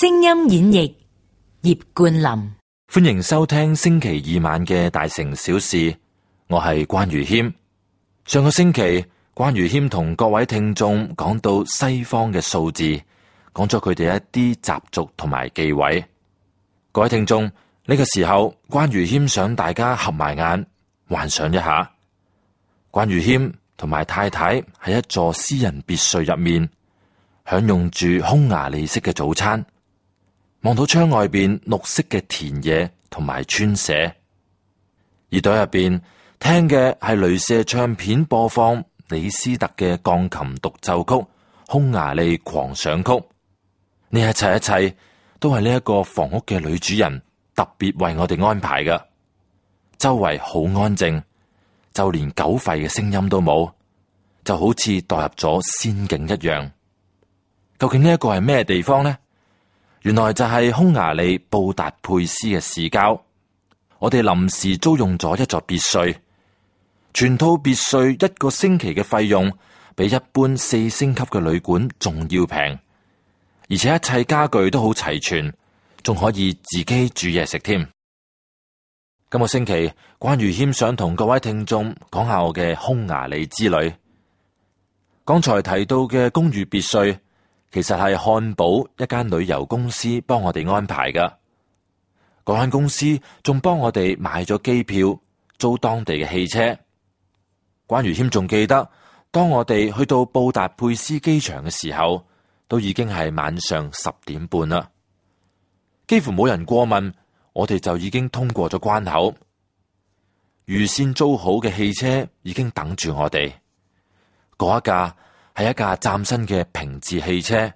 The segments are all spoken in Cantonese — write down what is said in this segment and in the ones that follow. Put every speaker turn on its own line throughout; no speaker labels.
聲音演繹葉冠霖，歡迎收聽星期二晚嘅《大城小事》，我係關愚謙。上個星期，關愚謙同各位聽眾講到西方嘅數字，講咗佢哋一啲習俗同埋忌諱。各位聽眾呢個時候，關愚謙想大家合埋眼，幻想一下，關愚謙同埋太太喺一座私人別墅入面，享用住匈牙利式嘅早餐。望到窗外邊綠色嘅田野同埋村舍，耳朵入邊聽嘅係鐳射唱片播放李斯特嘅鋼琴獨奏曲《匈牙利狂想曲》。呢一切一切都係呢一個房屋嘅女主人特別為我哋安排㗎。周圍好安靜，就連狗吠嘅聲音都冇，就好似墮入咗仙境一樣。究竟呢一個係咩地方呢？原來就係匈牙利布達佩斯嘅市郊，我哋臨時租用咗一座別墅，全套別墅一個星期嘅費用比一般四星級嘅旅館仲要平，而且一切家具都好齊全，仲可以自己煮嘢食添。今個星期，關愚謙想同各位聽眾講下我嘅匈牙利之旅，剛才提到嘅公寓別墅。其實係漢堡一間旅遊公司幫我哋安排㗎，嗰間公司仲幫我哋買咗機票，租當地嘅汽車。關愚謙仲記得，當我哋去到布達佩斯機場嘅時候，都已經係晚上十點半啦，幾乎冇人過問，我哋就已經通過咗關口，預先租好嘅汽車已經等住我哋嗰一架。係一架嶄新嘅平治汽車，呢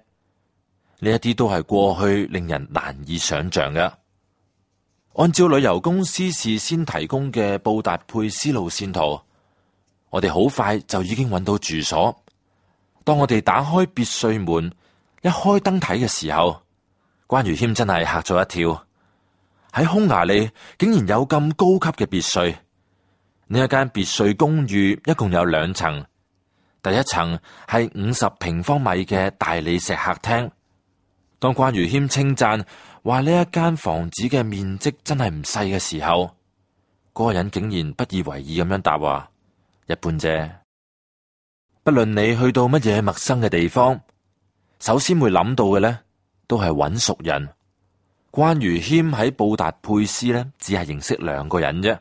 一啲都係過去令人難以想象嘅。按照旅遊公司事先提供嘅布達佩斯路線圖，我哋好快就已經揾到住所。當我哋打開別墅門，一開燈睇嘅時候，關愚謙真係吓咗一跳。喺匈牙利竟然有咁高級嘅別墅。呢一間別墅公寓一共有兩層。第一層係五十平方米嘅大理石客廳。當關愚謙稱讚話呢一間房子嘅面積真係唔細嘅時候，嗰、那個人竟然不以為意咁樣答話：一般啫。不論你去到乜嘢陌生嘅地方，首先會諗到嘅呢都係揾熟人。關愚謙喺布達佩斯呢，只係認識兩個人啫，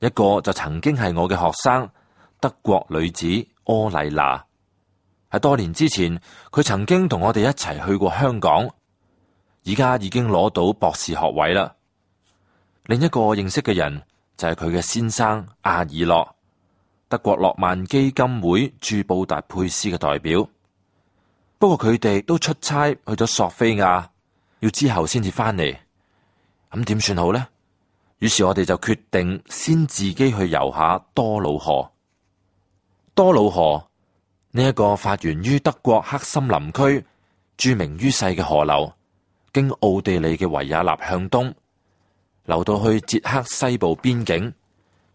一個就曾經係我嘅學生，德國女子。柯麗娜喺多年之前，佢曾經同我哋一齊去過香港，而家已經攞到博士學位啦。另一個認識嘅人就係佢嘅先生阿爾諾，德國諾曼基金會駐布達佩斯嘅代表。不過佢哋都出差去咗索菲亞，要之後先至翻嚟。咁點算好呢？於是我哋就決定先自己去遊下多瑙河。。多瑙河呢一個發源於德國黑森林區，著名於世嘅河流，經奧地利嘅維也納向東流到去捷克西部邊境，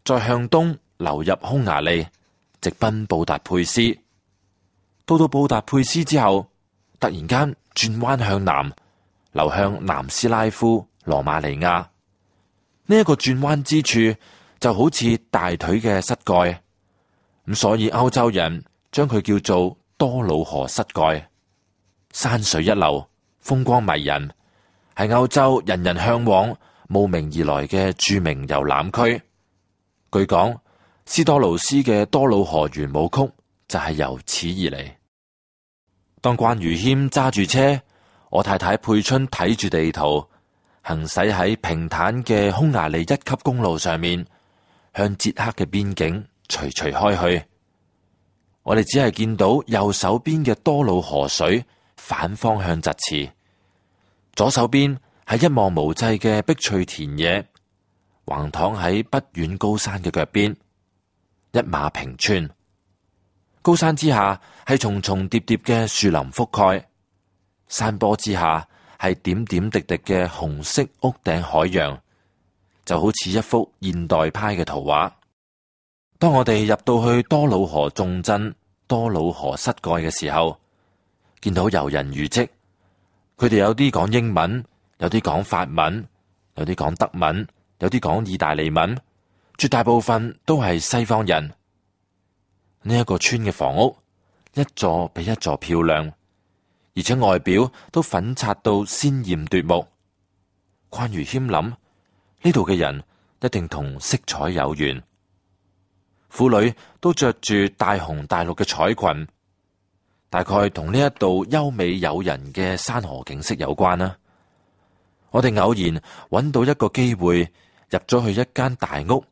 再向東流入匈牙利，直奔布達佩斯。到到布達佩斯之後，突然間轉彎向南，流向南斯拉夫、羅馬尼亞。呢一個轉彎之處就好似大腿嘅膝蓋。咁所以歐洲人將佢叫做多瑙河膝蓋，山水一流，風光迷人，係歐洲人人向往慕名而來嘅著名遊覽區。據講，斯多魯斯嘅多瑙河圓舞曲就係由此而嚟。當關愚謙揸住車，我太太佩春睇住地圖，行駛喺平坦嘅匈牙利一級公路上面，向捷克嘅邊境，徐徐開去，我哋只係見到右手邊嘅多瑙河水反方向疾馳，左手邊係一望無際嘅碧翠田野，橫躺喺不遠高山嘅腳邊，一馬平川。高山之下係重重疊疊嘅樹林覆蓋，山坡之下係點點滴滴嘅紅色屋頂海洋，就好似一幅現代派嘅圖畫。當我哋入到去多瑙河重鎮、多瑙河膝蓋嘅時候，見到遊人如織，佢哋有啲講英文，有啲講法文，有啲講德文，有啲講意大利文，絕大部分都係西方人。呢、這、一個村嘅房屋，一座比一座漂亮，而且外表都粉刷到鮮艷奪目。關愚謙諗，呢度嘅人一定同色彩有緣。婦女都着住大紅大綠嘅彩裙，大概同呢一度優美誘人嘅山河景色有關啦。我哋偶然搵到一個機會入咗去一間大屋，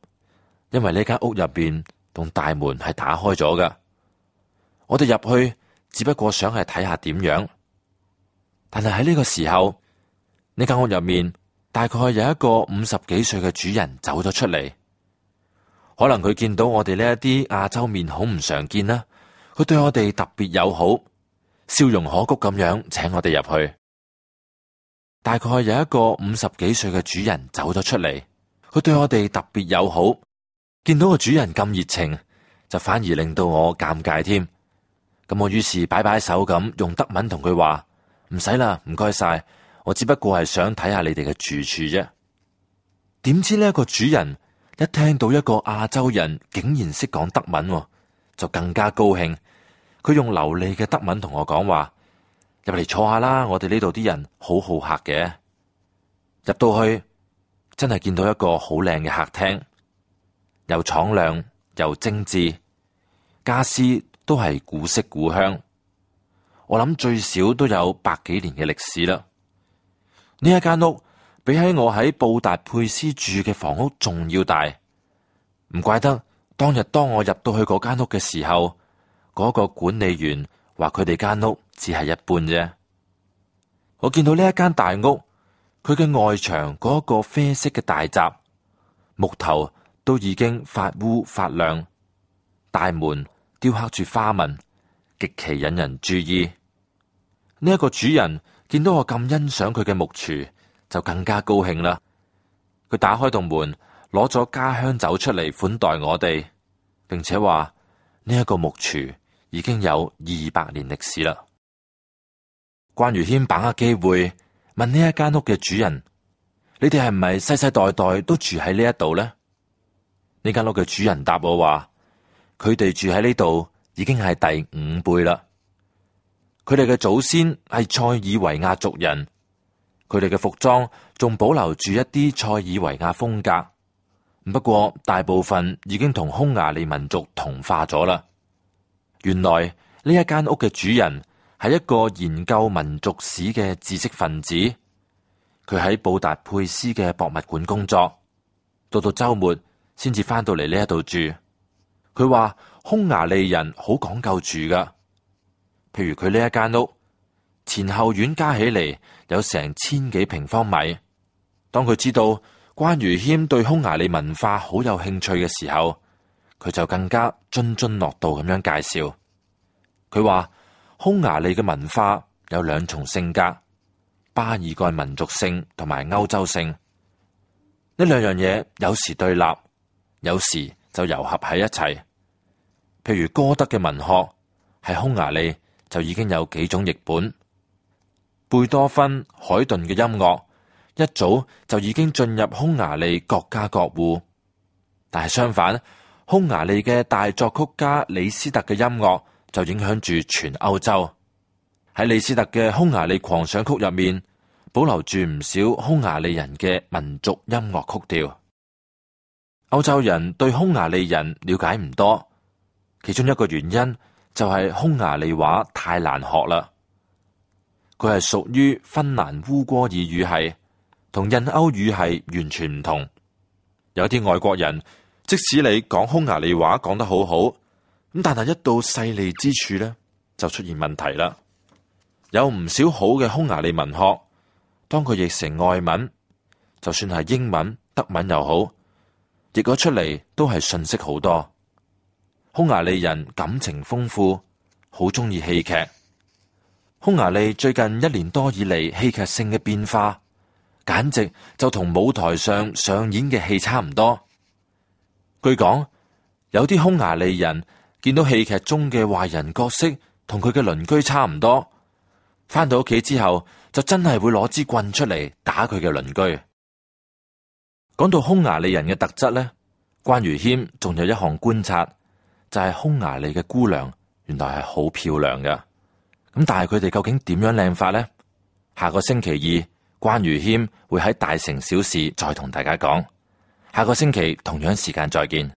因為呢間屋入邊同大門係打開咗㗎。我哋入去只不過想係睇下點樣，但係喺呢個時候，呢間屋入面大概有一個五十幾歲嘅主人走咗出嚟。可能佢見到我哋呢一啲亞洲面好唔常見啦，佢對我哋特別友好，笑容可掬咁樣請我哋入去。大概有一個五十幾歲嘅主人走咗出嚟，佢對我哋特別友好。見到個主人咁熱情，就反而令到我尷尬添。咁我於是擺擺手咁，用德文同佢話唔使啦，唔該晒。我只不過係想睇下你哋嘅住處啫。點知呢個主人？一聽到一個亞洲人竟然識講德文，就更加高興。佢用流利嘅德文同我講話：入嚟坐下啦，我哋呢度啲人好好客嘅。入到去，真係見到一個好靚嘅客廳，又敞亮又精緻，家私都係古色古香。我諗最少都有百幾年嘅歷史啦，呢一間屋。比起我喺布達佩斯住嘅房屋仲要大，唔怪得當日當我入到去嗰間屋嘅時候，嗰個管理員話佢哋間屋只係一半啫。我見到呢一間大屋，佢嘅外牆嗰個啡色嘅大閘木頭都已經發烏發亮，大門雕刻住花紋，極其引人注意。呢一個主人見到我咁欣賞佢嘅木柱。就更加高興啦！佢打開棟門，攞咗家鄉酒出嚟款待我哋，並且話呢一個木櫥已經有二百年歷史啦。關愚謙把握機會問呢一間屋嘅主人：你哋係唔係世世代代都住喺呢一度咧？呢間屋嘅主人答我話：佢哋住喺呢度已經係第五輩啦。佢哋嘅祖先係塞爾維亞族人。佢哋嘅服裝仲保留住一啲塞爾維亞風格，不過大部分已經同匈牙利民族同化咗啦。原來呢一間屋嘅主人係一個研究民族史嘅知識分子，佢喺布達佩斯嘅博物館工作，到到周末先至返到嚟呢一度住。佢話匈牙利人好講究住噶，譬如佢呢一間屋。前後院加起嚟有成千幾平方米。當佢知道關愚謙對匈牙利文化好有興趣嘅時候，佢就更加津津樂道咁樣介紹。佢話匈牙利嘅文化有兩重性格：巴爾幹民族性同埋歐洲性。呢兩樣嘢有時對立，有時就糅合喺一齊。譬如歌德嘅文學喺匈牙利就已經有幾種譯本。貝多芬、海頓嘅音樂一早就已經進入匈牙利各家各戶，但係相反，匈牙利嘅大作曲家李斯特嘅音樂就影響住全歐洲。喺李斯特嘅匈牙利狂想曲入面，保留住唔少匈牙利人嘅民族音樂曲調。歐洲人對匈牙利人了解唔多，其中一個原因就係匈牙利話太難學啦。佢係屬於芬蘭烏戈爾語系，同印歐語系完全唔同。有啲外國人，即使你講匈牙利話講得好好，咁但係一到細膩之處咧，就出現問題啦。有唔少好嘅匈牙利文學，當佢譯成外文，就算係英文、德文又好，譯咗出嚟都係信息好多。匈牙利人感情豐富，好中意戲劇。匈牙利最近一年多以嚟戲劇性嘅變化，簡直就同舞台上上演嘅戲差唔多。據講，有啲匈牙利人見到戲劇中嘅壞人角色同佢嘅鄰居差唔多，翻到屋企之後就真係會攞支棍出嚟打佢嘅鄰居。講到匈牙利人嘅特質呢，關愚謙仲有一項觀察，就係、是、匈牙利嘅姑娘原來係好漂亮嘅。但係佢哋究竟點樣靚法咧？下個星期二，關愚謙會喺大城小事再同大家講。下個星期同樣時間再見。